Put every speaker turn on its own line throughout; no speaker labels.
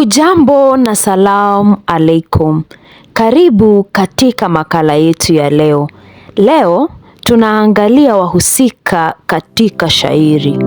Hujambo na salamu alaikum. Karibu katika makala yetu ya leo. Leo tunaangalia wahusika katika shairi.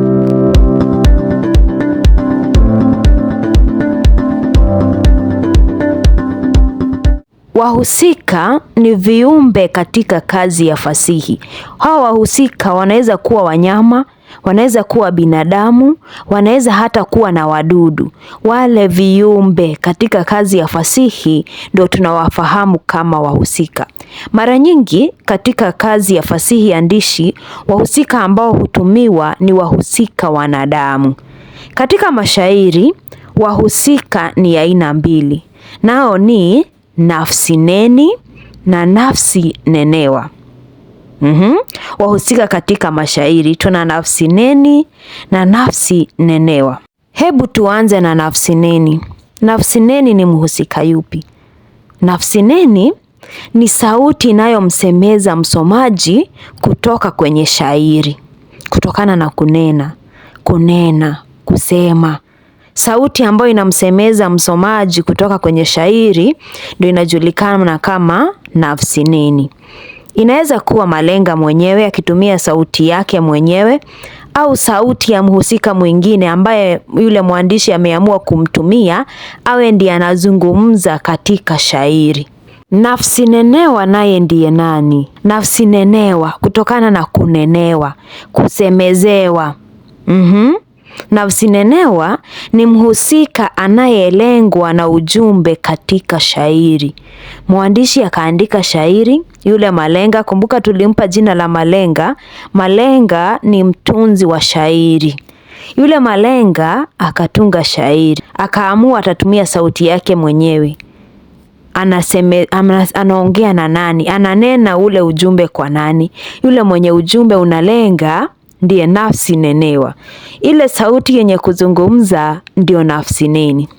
Wahusika ni viumbe katika kazi ya fasihi. Hawa wahusika wanaweza kuwa wanyama, wanaweza kuwa binadamu, wanaweza hata kuwa na wadudu. Wale viumbe katika kazi ya fasihi ndio tunawafahamu kama wahusika. Mara nyingi katika kazi ya fasihi andishi, wahusika ambao hutumiwa ni wahusika wanadamu. Katika mashairi, wahusika ni aina mbili, nao ni nafsi neni na nafsi nenewa. Mm -hmm. Wahusika katika mashairi tuna nafsi neni na nafsi nenewa. Hebu tuanze na nafsi neni. Nafsi neni ni mhusika yupi? Nafsi neni ni sauti inayomsemeza msomaji kutoka kwenye shairi, kutokana na kunena, kunena, kusema. Sauti ambayo inamsemeza msomaji kutoka kwenye shairi ndio inajulikana kama nafsi neni. Inaweza kuwa malenga mwenyewe akitumia sauti yake mwenyewe au sauti ya mhusika mwingine ambaye yule mwandishi ameamua kumtumia awe ndiye anazungumza katika shairi. Nafsi nenewa naye ndiye nani? Nafsi nenewa kutokana na kunenewa, kusemezewa. Mm-hmm. Nafsi nenewa ni mhusika anayelengwa na ujumbe katika shairi. Mwandishi akaandika shairi yule Malenga. Kumbuka tulimpa jina la Malenga. Malenga ni mtunzi wa shairi. Yule Malenga akatunga shairi, akaamua atatumia sauti yake mwenyewe. Anaseme, anaongea na nani? Ananena ule ujumbe kwa nani? Yule mwenye ujumbe unalenga ndiye nafsi nenewa. Ile sauti yenye kuzungumza ndio nafsi neni.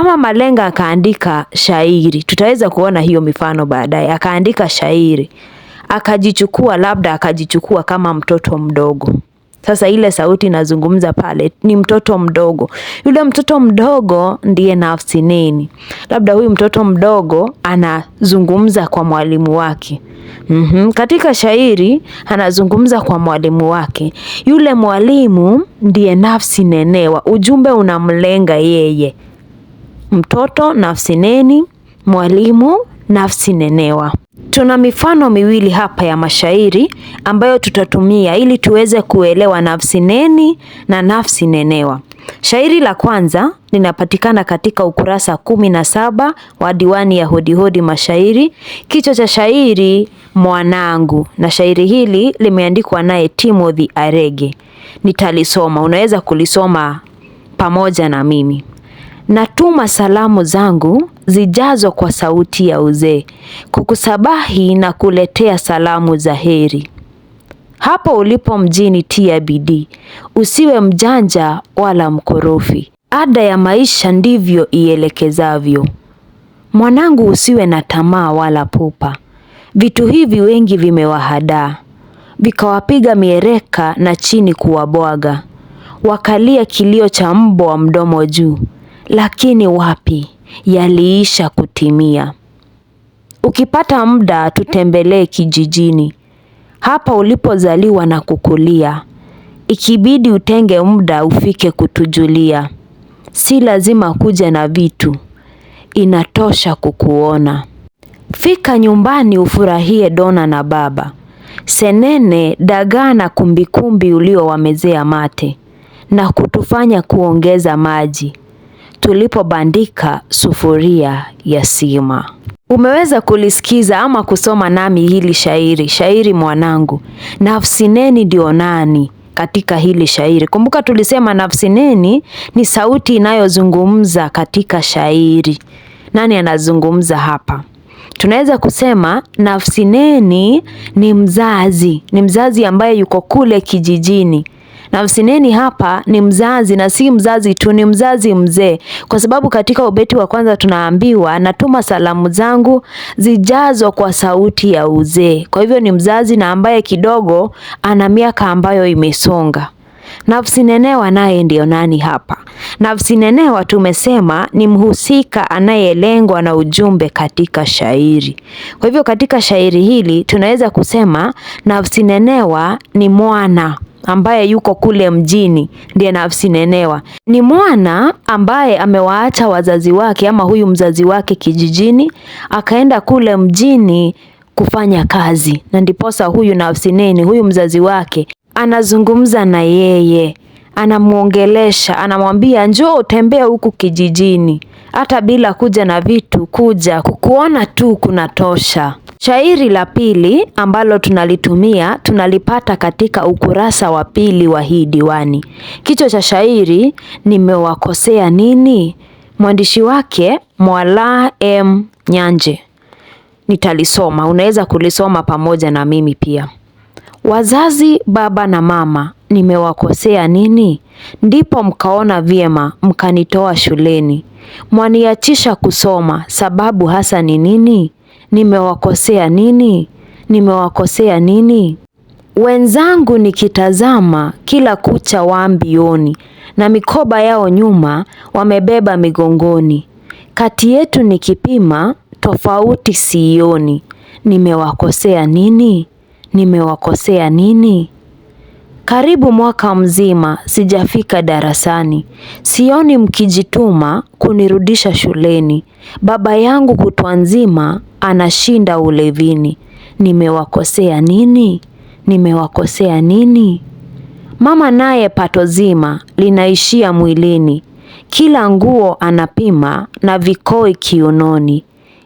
Ama Malenga akaandika shairi, tutaweza kuona hiyo mifano baadaye. Akaandika shairi akajichukua, labda akajichukua kama mtoto mdogo. Sasa ile sauti nazungumza pale ni mtoto mdogo. Yule mtoto mdogo ndiye nafsi nini? Labda huyu mtoto mdogo anazungumza kwa mwalimu wake. Mm -hmm. Katika shairi anazungumza kwa mwalimu wake. Yule mwalimu ndiye nafsi nenewa. Ujumbe unamlenga yeye mtoto nafsi neni, mwalimu nafsi nenewa. Tuna mifano miwili hapa ya mashairi ambayo tutatumia ili tuweze kuelewa nafsi neni na nafsi nenewa. Shairi la kwanza linapatikana katika ukurasa kumi na saba wa diwani ya Hodihodi Mashairi. Kichwa cha shairi mwanangu, na shairi hili limeandikwa naye Timothy Arege. Nitalisoma, unaweza kulisoma pamoja na mimi. Natuma salamu zangu zijazo kwa sauti ya uzee, kukusabahi na kuletea salamu za heri. Hapo ulipo mjini tia bidii, usiwe mjanja wala mkorofi, ada ya maisha ndivyo ielekezavyo. Mwanangu, usiwe na tamaa wala pupa, vitu hivi wengi vimewahadaa, vikawapiga miereka na chini kuwabwaga, wakalia kilio cha mbwa mdomo juu lakini wapi, yaliisha kutimia. Ukipata muda tutembelee kijijini, hapa ulipozaliwa na kukulia. Ikibidi utenge muda ufike kutujulia. Si lazima kuja na vitu, inatosha kukuona. Fika nyumbani ufurahie dona na baba, senene, dagaa na kumbikumbi uliowamezea mate na kutufanya kuongeza maji tulipobandika sufuria ya sima. Umeweza kulisikiza ama kusoma nami hili shairi, shairi mwanangu. Nafsineni ndio nani katika hili shairi? Kumbuka tulisema nafsineni ni sauti inayozungumza katika shairi. Nani anazungumza hapa? Tunaweza kusema nafsineni ni mzazi, ni mzazi ambaye yuko kule kijijini na msineni hapa ni mzazi na si mzazi tu, ni mzazi mzee, kwa sababu katika ubeti wa kwanza tunaambiwa natuma salamu zangu zijazo kwa sauti ya uzee. Kwa hivyo ni mzazi na ambaye kidogo ana miaka ambayo imesonga. Nafsi Nenewa naye ndiyo nani hapa? Nafsi Nenewa tumesema ni mhusika anayelengwa na ujumbe katika shairi. Kwa hivyo katika shairi hili tunaweza kusema nafsi nenewa ni mwana ambaye yuko kule mjini ndiye nafsi nenewa. Ni mwana ambaye amewaacha wazazi wake ama huyu mzazi wake kijijini akaenda kule mjini kufanya kazi na ndiposa huyu nafsi neni, huyu mzazi wake anazungumza na yeye, anamwongelesha, anamwambia njoo tembea huku kijijini, hata bila kuja na vitu, kuja kukuona tu kunatosha. Shairi la pili ambalo tunalitumia tunalipata katika ukurasa wa pili wa hii diwani. Kichwa cha shairi nimewakosea nini? Mwandishi wake Mwala M Nyanje. Nitalisoma, unaweza kulisoma pamoja na mimi pia. Wazazi baba na mama, nimewakosea nini? Ndipo mkaona vyema mkanitoa shuleni. Mwaniachisha kusoma, sababu hasa ni nini? Nimewakosea nini? Nimewakosea nini? Wenzangu nikitazama kila kucha waambioni, na mikoba yao nyuma wamebeba migongoni. Kati yetu nikipima tofauti sioni Nimewakosea nini? nimewakosea nini? Karibu mwaka mzima sijafika darasani. Sioni mkijituma kunirudisha shuleni. Baba yangu kutwa nzima anashinda ulevini. Nimewakosea nini? Nimewakosea nini? Mama naye pato zima linaishia mwilini. Kila nguo anapima na vikoi kiunoni.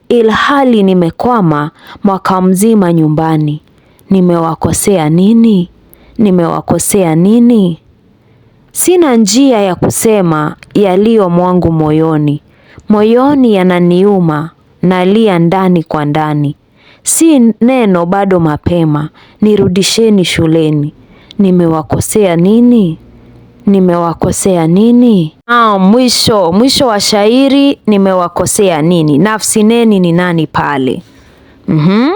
Ilhali nimekwama mwaka mzima nyumbani nimewakosea nini? Nimewakosea nini? Sina njia ya kusema yaliyo mwangu moyoni. Moyoni yananiuma, nalia ndani kwa ndani. Si neno bado mapema, nirudisheni shuleni. Nimewakosea nini? Nimewakosea nini? Ah, mwisho mwisho wa shairi nimewakosea nini. nafsi neni ni nani pale? Mhm.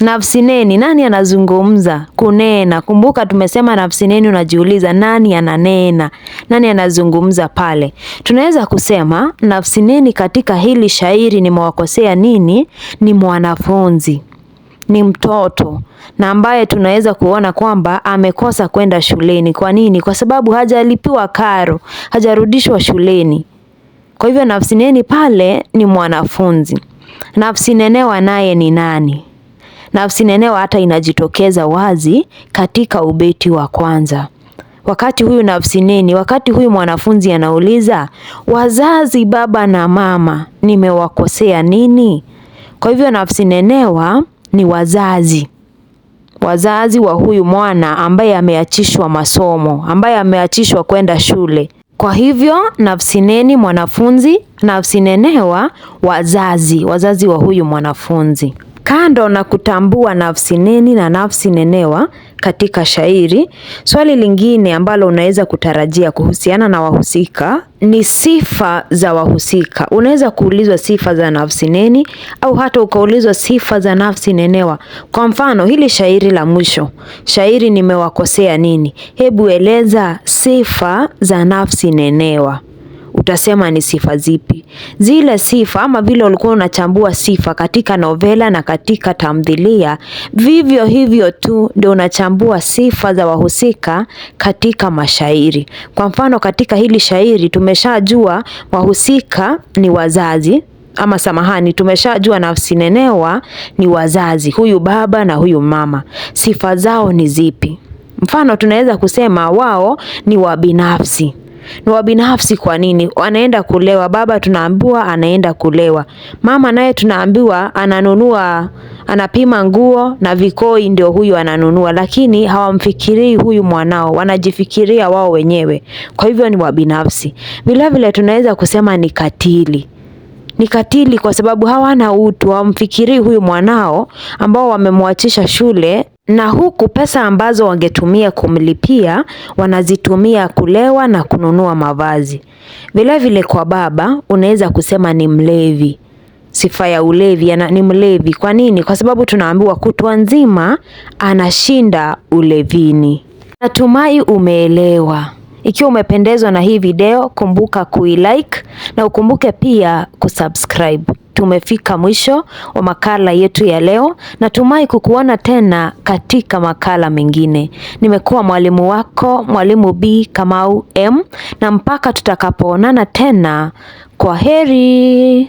Nafsi neni, nani anazungumza? Kunena. Kumbuka tumesema nafsi neni, unajiuliza nani ananena, nani anazungumza pale. Tunaweza kusema nafsi neni katika hili shairi nimewakosea nini? Ni mwanafunzi ni mtoto na ambaye tunaweza kuona kwamba amekosa kwenda shuleni. Kwa nini? Kwa sababu hajalipiwa karo, hajarudishwa shuleni. Kwa hivyo nafsi neni pale ni mwanafunzi. Nafsi nenewa naye ni nani? Nafsi Nenewa hata inajitokeza wazi katika ubeti wa kwanza. Wakati huyu nafsi nini, wakati huyu mwanafunzi anauliza, wazazi, baba na mama, nimewakosea nini? Kwa hivyo nafsi nenewa ni wazazi, wazazi wa huyu mwana ambaye ameachishwa masomo, ambaye ameachishwa kwenda shule. Kwa hivyo nafsi neni mwanafunzi, nafsi nenewa wazazi, wazazi wa huyu mwanafunzi. Kando na kutambua nafsi neni na nafsi nenewa katika shairi, swali lingine ambalo unaweza kutarajia kuhusiana na wahusika ni sifa za wahusika. Unaweza kuulizwa sifa za nafsi neni au hata ukaulizwa sifa za nafsi nenewa. Kwa mfano, hili shairi la mwisho, shairi nimewakosea nini? Hebu eleza sifa za nafsi nenewa utasema ni sifa zipi. Zile sifa ama vile ulikuwa unachambua sifa katika novela na katika tamthilia, vivyo hivyo tu ndio unachambua sifa za wahusika katika mashairi. Kwa mfano, katika hili shairi tumeshajua wahusika ni wazazi ama samahani, tumeshajua nafsi nenewa ni wazazi, huyu baba na huyu mama. Sifa zao ni zipi? Mfano, tunaweza kusema wao ni wabinafsi, ni wa binafsi. Kwa nini anaenda kulewa? Baba tunaambiwa anaenda kulewa, mama naye tunaambiwa ananunua, anapima nguo na vikoi, ndio huyu ananunua, lakini hawamfikirii huyu mwanao, wanajifikiria wao wenyewe. Kwa hivyo ni wa binafsi. Vilevile tunaweza kusema ni katili ni katili kwa sababu hawana utu, hawamfikirii huyu mwanao ambao wamemwachisha shule na huku pesa ambazo wangetumia kumlipia wanazitumia kulewa na kununua mavazi. Vilevile vile kwa baba unaweza kusema ni mlevi, sifa ya ulevi ana, ni mlevi. Kwa nini? Kwa sababu tunaambiwa kutwa nzima anashinda ulevini. Natumai umeelewa. Ikiwa umependezwa na hii video, kumbuka kuilike na ukumbuke pia kusubscribe tumefika mwisho wa makala yetu ya leo. Natumai kukuona tena katika makala mengine. Nimekuwa mwalimu wako Mwalimu B Kamau M, na mpaka tutakapoonana tena, kwa heri.